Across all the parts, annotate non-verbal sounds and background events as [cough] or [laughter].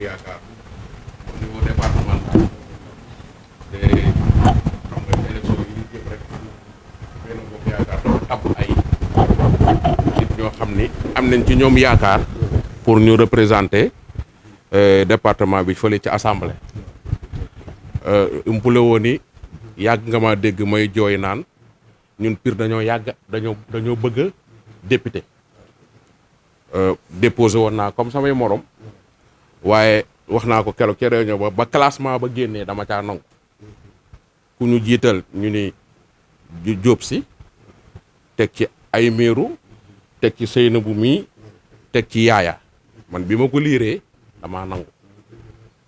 ñoo xam ni am nañ ci ñoom yaakaar pour ñu représenter euh, département bi fële ci assemblée euh, umpule woon ni yàgg nga ma dégg may jooy naan ñun piir dañoo yàgg dañoo dañoo bëgg député euh, déposé woon naa comme samay morom waaye wax naa ko keroog ca réunion ba ba classement ba génnee dama caa nangu ku ñu jiital ñu ni jóob si teg ci ay meeru teg ci sëyna bu mii teg ci yaaya man bi ma ko liiree damaa nangu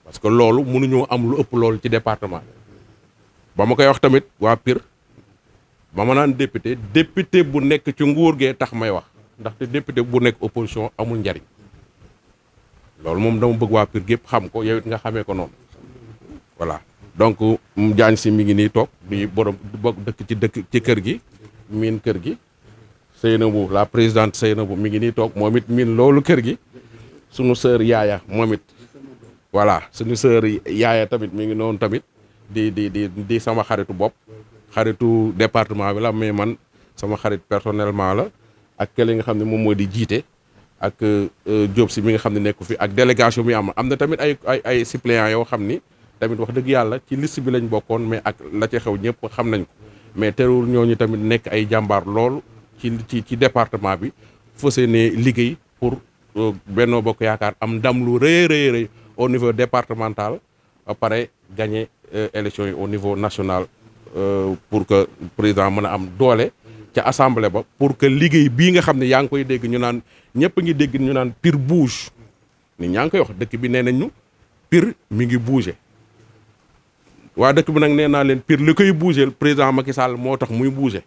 parce que loolu mënuñoo am lu ëpp loolu ci département ba ma koy wax tamit waa Pire ba ma naan député député bu nekk ci nguur gee tax may wax ndaxte député bu nekk opposition amul njariñ loolu moom dama bëgg waa Pire gépp xam ko yow it nga xamee ko noonu voilà donc Diagne si mi ngi nii toog di borom bokk dëkk ci dëkk ci kër gi miin kër gi sëy na Seynabou la présidente Seynabou mi ngi nii toog moom it miin loolu kër gi sunu sœur yaaya moom it voilà sunu sœur yaaya tamit mi ngi noonu tamit di di di di sama xaritu bopp xaritu département bi la mais man sama xarit personnellement la ak kële nga xam ne moom moo di jiite ak euh, Diop si mi nga xam ne nekku fi ak délégation bi am am na tamit ay ay ay yoo xam ni tamit wax dëgg yàlla ci list bi lañ bokkoon mais ak la ca xew ñëpp xam nañ ko mais terewul ñooñu tamit nekk ay jàmbaar lool ci ci ci département bi fas yéene liggéey pour euh, Benno Bokk Yaakaar am ndam lu rëy au niveau départemental ba pare gagné euh, élection yi au niveau national pour que président mën a am doole. ca assemblée ba pour que liggéey bii nga xam ne yaa ngi koy dégg ñu naan ñëpp ngi dégg ñu naan Pire bouge ni ñaa ngi koy wax dëkk bi nee nañ ñu piir mi ngi bouge waa dëkk bi nag nee naa leen Pire li koy bouger président Macky Sall moo tax muy bouger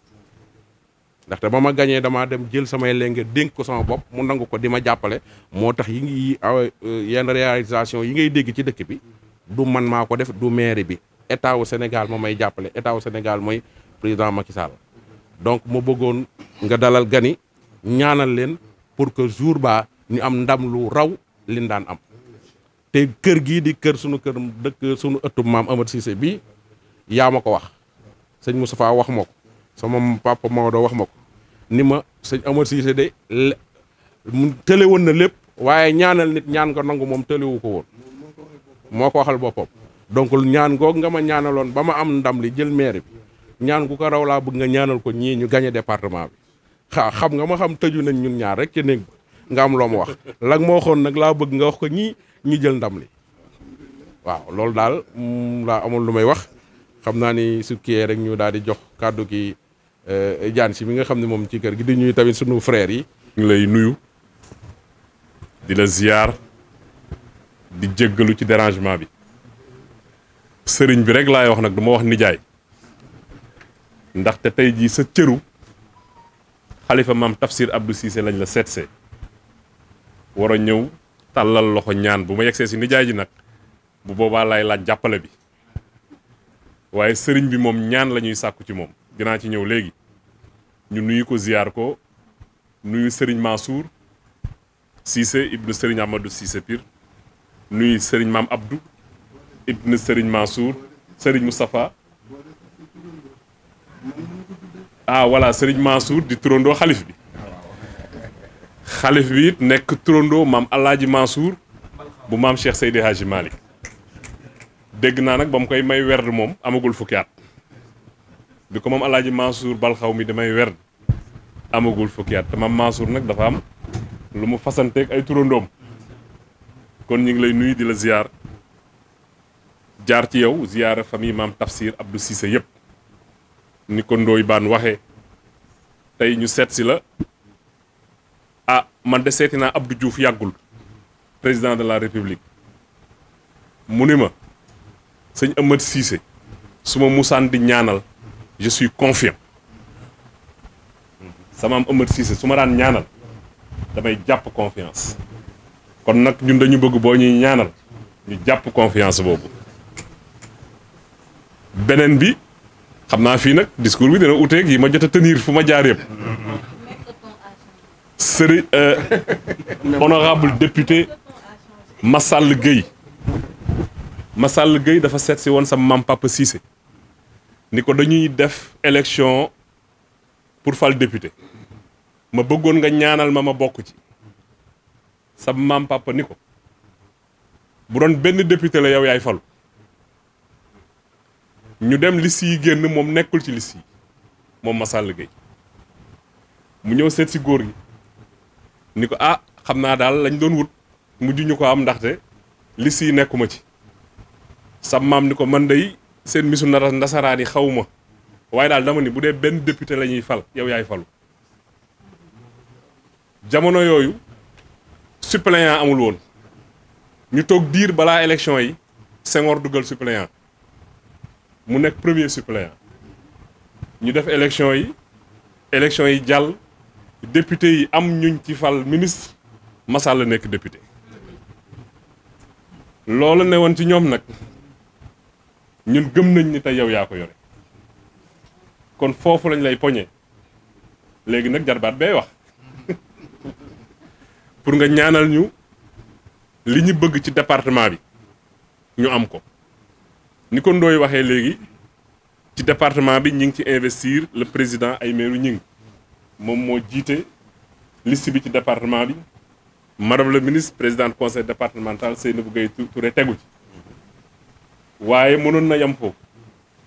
ndaxte ba ma gañee damaa dem jël samay lenge dénk ko sama bopp mu nangu ko di ma jàppale moo tax yi ngi ah, euh, yenn réalisation yi ngay dégg ci dëkk bi du man maa ko def du maire bi état wu Sénégal moo may jàppale état wu Sénégal mooy président Macky donc ma bëggoon nga dalal gani ñaanal leen pour que jour baa ñu am ndam lu raw liñ daan am te kër gii di kër sunu kër dëkk sunu ëttu maam Amad Cissé bii yaa ma ko wax sëñ Moustapha wax ma ko sama papa Maodo wax ma ko ni ma sëñ Amad Cissé de mu tële woon na lépp waaye ñaanal nit ñaan ko nangu moom tëlewu ko woon moo ko waxal boppam donc ñaan goog nga ma ñaanaloon ba ma am ndam li jël maire bi ñaan ku ko raw laa bëgg nga ñaanal ko ñii ñu gagné département bi xaa xam nga ma xam tëju nañ ñun ñaar rek ci néeg ba nga am loo ma wax lag moo waxoon nag laa bëgg nga wax ko ñii ñu jël ndam li waaw loolu daal mm, laa amoon lu may wax xam naa ni su kiyee rek ñu daal di jox kàddu gi eh, jaan si mi nga xam ne moom ci kër gi di ñuy tamit sunu frères yi ngi lay nuyu di la ziyaar di jéggalu ci dérangement bi sëriñ bi rek lay wax nag du ma wax nijaay ndaxte tey jii sa cëru xalifa maam Tafsir Abdou Cissé lañ la seetsee war a ñëw tàllal loxo ñaan bu ma yegsee si nijaay ji nag bu boobaa lay laaj jàppale bi waaye sëriñ bi moom ñaan lañuy sàkku ci moom dinaa ci ñëw léegi ñu nuyu ko ziyaar ko nuyu sëriñ Mansour Cissé ibnu sëriñ Amadou Cissé Pire nuyu sëriñ maam Abdou ibnu sëriñ Mansour sëriñ Moustapha ah voilà Serigne Mansour di turandoo xalif bi xalif bi it nekk turandoo maam Alaaji Mansour bu maam Cheikh Seydi Hadji Malick dégg naa nag ba mu koy may werd moom amagul fukki at bi ko moom Alaaji Mansour balxaw mi damay werd amagul fukki at te maam Mansour nag dafa am lu mu fasanteeg ay turandoom kon ñu ngi lay nuyu di la ziar jaar ci yow ziara famille maam Tafsir Abdou Cissé yëpp ni ko Ndoye Bane waxee tey ñu seet si la ah man de seeti naa Abdou Diouf yàggul président de la république mu ni ma sëñ Amath Cissé su ma musaan di ñaanal je suis confiant sama am Amath Cissé su ma daan ñaanal damay jàpp confiance kon nag ñun dañu bëgg boo ñuy ñaanal ñu jàpp confiance boobu beneen bi xam naa fii nag discours bi dina uteeg yi ma jot a tenir fu ma jaar yëpp sëriñ euh, honorable député Massal Gueye Massal Gueye dafa seet si woon sa maam Papa Cissé ni ko dañuy def élection pour fal député ma bëggoon nga ñaanal ma ma bokk ci sa maam papa ni ko bu doon benn député la yow yaay falu ñu dem liste yi génn moom nekkul ci liste yi moom Massal Gueye mu ñëw seet si góor gi ni ko ah xam naa daal lañ doon wut mujj ñu ko am ndaxte liste yi nekkuma ci sam maam ni ko man day seen misu nara ndasaraan yi xaw ma waaye daal dama ni bu dee benn député la ñuy fal yow yaay falu jamono yooyu suppléant amul woon ñu toog diir balaa élection yi Senghor dugal suppléant mu nekk premier suppléant ñu def élection yi élection yi jàll député yi am ñuñ ci fal ministre Massa la nekk député loolu ne woon ci ñoom nag ñun gëm nañ ni tey yow yaa ko yore kon foofu lañ lay poñe léegi nag jarbaat bay wax [laughs] pour nga ñaanal ñu li ñu bëgg ci département bi ñu am ko ni ko Ndoye waxee léegi ci département bi ñi ngi ci investir le président ay Aymérou Gningue moom moo jiite liste bi ci département bi madame la ministre présidente conseil départemental Seynabou Gueye Touré tegu ci waaye mënoon na yem foofu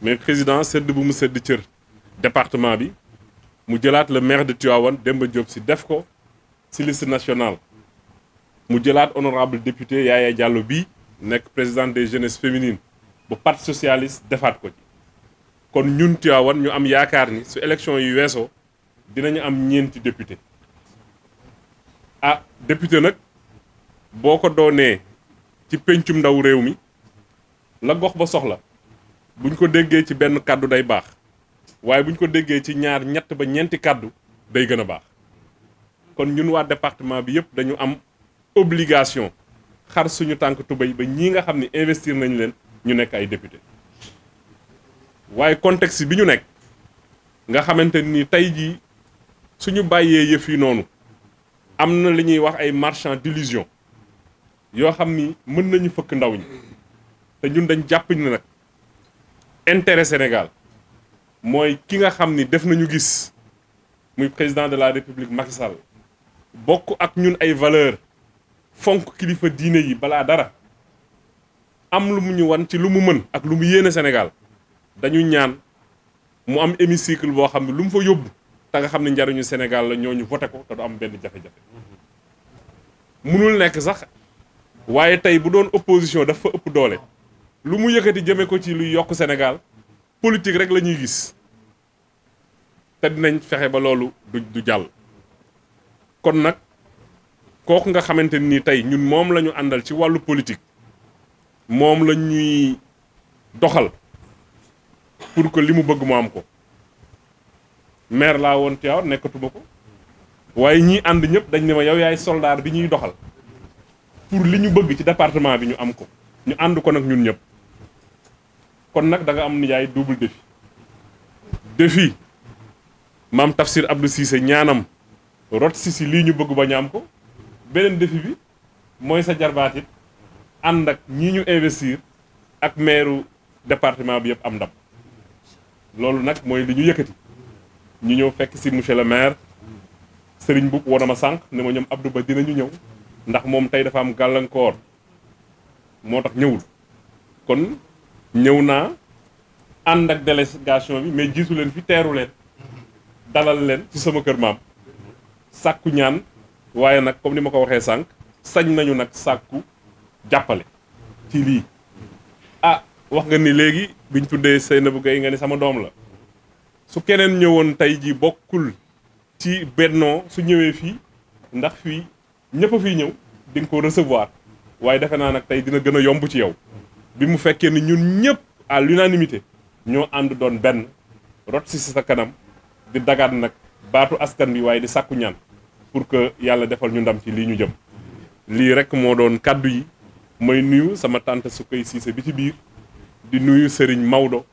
mais président sedd bu mu sedd cër département bi mu jëlaat le maire de Tivaouane Demba Diop si def ko si liste nationale mu jëlaat honorable député Yaya Diallo bi nekk président des jeunesses féminines bu parti socialiste defaat ko ci kon ñun Tivaouane ñu am yaakaar ni su élection yu weesoo dinañu am ñeenti député ah député nag boo ko doonee ci péncum ndaw réew mi la gox ba soxla buñ ko déggee ci benn kàddu day baax waaye buñ ko déggee ci ñaar ñett ba ñeenti kàddu day gën a baax kon ñun waa département bi yëpp dañu am obligation xar suñu tànk tubéy ba ñii nga xam ne investir nañ leen ñu nekk ay député waaye contexte bi ñu nekk nga xamante ni tey jii suñu bàyyee yëf yi noonu am na li ñuy wax ay marchand d'illusion yoo xam ni mën nañu fëkk ndaw ñi te ñun dañ jàpp ni nag intérêt Sénégal mooy ki nga xam ni def nañu gis muy président de la République Macky bokk ak ñun ay valeur fonk kilifa diine yi balaa dara am lu mu ñu wan ci lu mu mën ak lu mu yéene senegal dañu ñaan mu am hémicycle boo xam ne lu mu fa yóbbu te nga xam ne njariñu Sénégal la ñooñu voté ko te du am benn jafe-jafe munul nekk sax waaye tey bu doon opposition dafa ëpp doole lu mu yëkkati jëme ko ci luy yokk senegal politique rek la ñuy gis te dinañ fexe ba loolu du jàll kon nag kooku nga xamante nii tey ñun moom la ñu àndal ci wàllu politique moom la ñuy doxal pour que li mu bëgg mu am ko maire laa woon Tivaouane nekkatuma ko waaye ñii ànd ñëpp dañ ne ma yow yaay soldaar bi ñuy doxal pour li ñu bëgg ci département bi ñu am ko ñu ànd ko nag ñun ñëpp kon nag danga nga am nijaay double défi défi maam Tafsir Abdou Cissé ñaanam rot si lii ñu bëgg ba ñu am ko beneen défi bi mooy sa jarbaatit ànd ak ñii ñu investir ak maire département bi yëpp am ndab loolu nag mooy li ñu yëkkati ñu ñëw fekk si monsieur le maire sëriñ Boub woon na ma sànq ne ma ñoom Abdou Ba dinañu ñëw ndax moom tey dafa am gàllankoor moo tax ñëwul kon ñëw naa ànd ak délégation bi mais jiitu leen fi teeru leen dalal leen ci sama kër maam sàkku ñaan waaye nag comme ni ma ko waxee sànq sañ nañu nag sàkku jàppale ci lii a ah, wax nga ni léegi biñ tuddee Seynabou Gaye nga ni sama doom la su keneen ñëwoon tey ji bokkul ci bennoo su ñëwee fii ndax fii ñëpp a fii ñëw di ko recevoir waaye defe naa nag tey dina gën a yomb ci yow bi mu fekkee ni ñun ñëpp à l'unanimité ñoo ànd doon benn rot si sa kanam di dagaat nag baatu askan bi waaye di sàkku ñaan pour que yàlla defal ñu ndam ci lii ñu jëm lii rek moo doon kàddu yi mooy nuyu sama tante Sukay Cissé bi ci biir di nuyu Serigne Maodo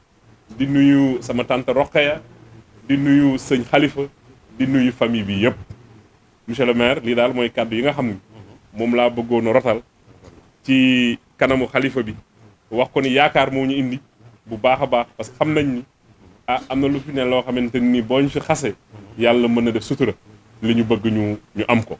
di nuyu sama tante Rokhaya di nuyu sëñ xalifa di nuyu famille bi yëpp monsieur le maire lii daal mooy kàddu yi nga xam ni moom laa bëggoon a rotal ci kanamu xalifa bi wax ko ni yaakaar moo ñu indi bu baax a baax parce que xam nañ ni ah am na lu fi ne loo xamante ni boo ñu fi xase yàlla mën na def sutura li ñu bëgg ñu ñu am ko.